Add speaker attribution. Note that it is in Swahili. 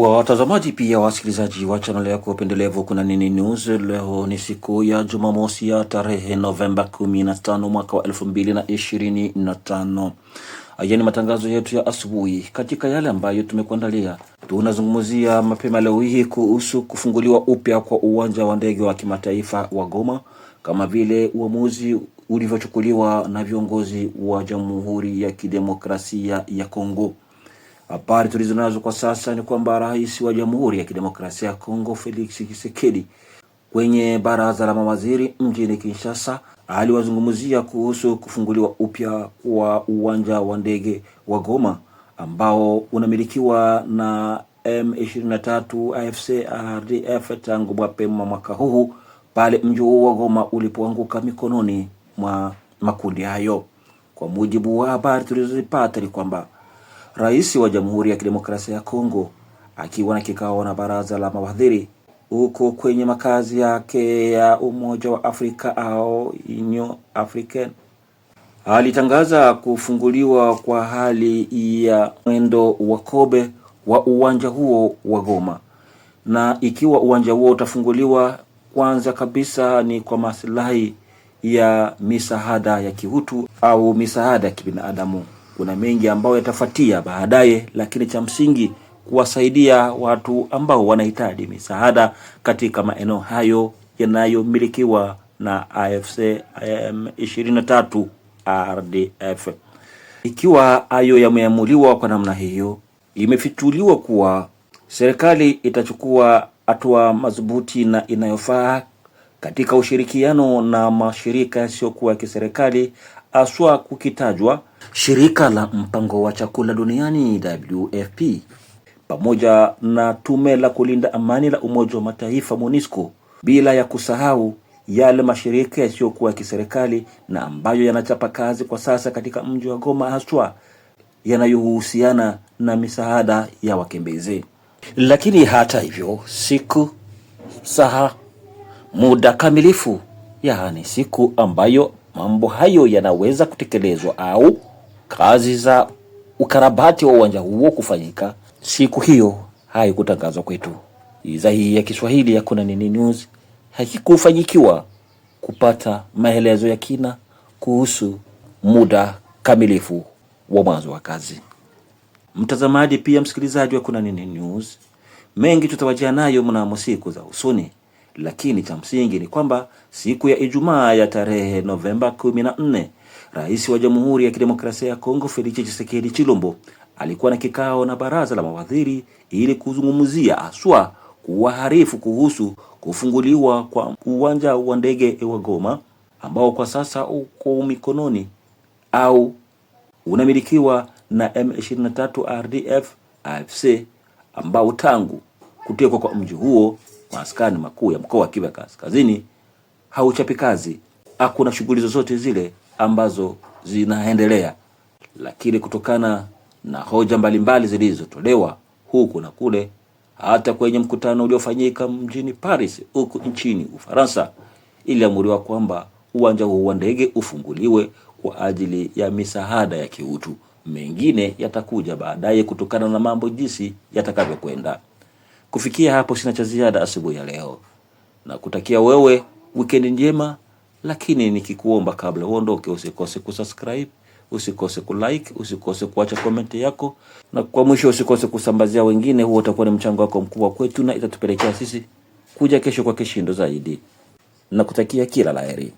Speaker 1: wa watazamaji pia wasikilizaji wa chanel yako pendelevu Kuna Nini News. Leo ni siku ya Jumamosi ya tarehe Novemba 15 mwaka wa 2025. Haya ni matangazo yetu ya asubuhi. Katika yale ambayo tumekuandalia, tunazungumzia mapema leo hii kuhusu kufunguliwa upya kwa uwanja wa ndege wa kimataifa wa Goma kama vile uamuzi ulivyochukuliwa na viongozi wa Jamhuri ya Kidemokrasia ya Kongo. Habari tulizonazo kwa sasa ni kwamba rais wa Jamhuri ya Kidemokrasia ya Kongo Felix Tshisekedi kwenye baraza la mawaziri mjini Kinshasa aliwazungumzia kuhusu kufunguliwa upya kwa uwanja wa ndege wa Goma ambao unamilikiwa na M23 AFC RDF tangu mapema mwaka huu pale mji huo wa Goma ulipoanguka mikononi mwa makundi hayo. Kwa mujibu wa habari tulizozipata ni kwamba Rais wa Jamhuri ya Kidemokrasia ya Kongo akiwa na kikao na baraza la mawaziri huko kwenye makazi yake ya Umoja wa Afrika au Union African alitangaza kufunguliwa kwa hali ya mwendo wa kobe wa uwanja huo wa Goma, na ikiwa uwanja huo utafunguliwa, kwanza kabisa ni kwa maslahi ya misaada ya kihutu au misaada ya kibinadamu. Kuna mengi ambayo yatafuatia baadaye, lakini cha msingi kuwasaidia watu ambao wanahitaji misaada katika maeneo hayo yanayomilikiwa na AFC M23 RDF. Ikiwa hayo yameamuliwa kwa namna hiyo, imefichuliwa kuwa serikali itachukua hatua madhubuti na inayofaa katika ushirikiano na mashirika yasiyokuwa ya kiserikali, haswa kukitajwa shirika la mpango wa chakula duniani WFP pamoja na tume la kulinda amani la Umoja wa Mataifa MONUSCO, bila ya kusahau yale mashirika yasiyokuwa ya kiserikali na ambayo yanachapa kazi kwa sasa katika mji wa Goma, haswa yanayohusiana na misaada ya wakimbizi. Lakini hata hivyo, siku saha muda kamilifu, yaani siku ambayo mambo hayo yanaweza kutekelezwa au Kazi za ukarabati wa uwanja huo kufanyika siku hiyo haikutangazwa kwetu. Idhaa hii ya Kiswahili ya Kuna Nini News haikufanyikiwa kupata maelezo ya kina kuhusu muda kamilifu wa mwanzo wa kazi. Mtazamaji pia msikilizaji wa Kuna Nini News, mengi tutawajia nayo mnamo siku za usoni, lakini cha msingi ni kwamba siku ya Ijumaa ya tarehe Novemba 14 Rais wa Jamhuri ya Kidemokrasia ya Kongo Felix Tshisekedi Chilombo alikuwa na kikao na baraza la mawaziri ili kuzungumzia aswa kuwaharifu kuhusu kufunguliwa kwa uwanja wa ndege wa Goma ambao kwa sasa uko mikononi au unamilikiwa na M23 RDF AFC ambao tangu kutekwa kwa mji huo askari makuu ya mkoa wa Kivu Kaskazini hauchapikazi hakuna shughuli zozote zile ambazo zinaendelea, lakini kutokana na hoja mbalimbali zilizotolewa huku na kule, hata kwenye mkutano uliofanyika mjini Paris huku nchini Ufaransa, iliamuriwa kwamba uwanja huu wa ndege ufunguliwe kwa ajili ya misaada ya kiutu. Mengine yatakuja baadaye kutokana na mambo jinsi yatakavyokwenda. Kufikia hapo, sina cha ziada asubuhi ya leo na kutakia wewe wikendi njema lakini nikikuomba kabla uondoke, usikose kusubscribe, usikose kulike, usikose kuacha komenti yako, na kwa mwisho usikose kusambazia wengine. Huo utakuwa ni mchango wako mkubwa kwetu na itatupelekea sisi kuja kesho kwa kishindo zaidi, na kutakia kila laheri.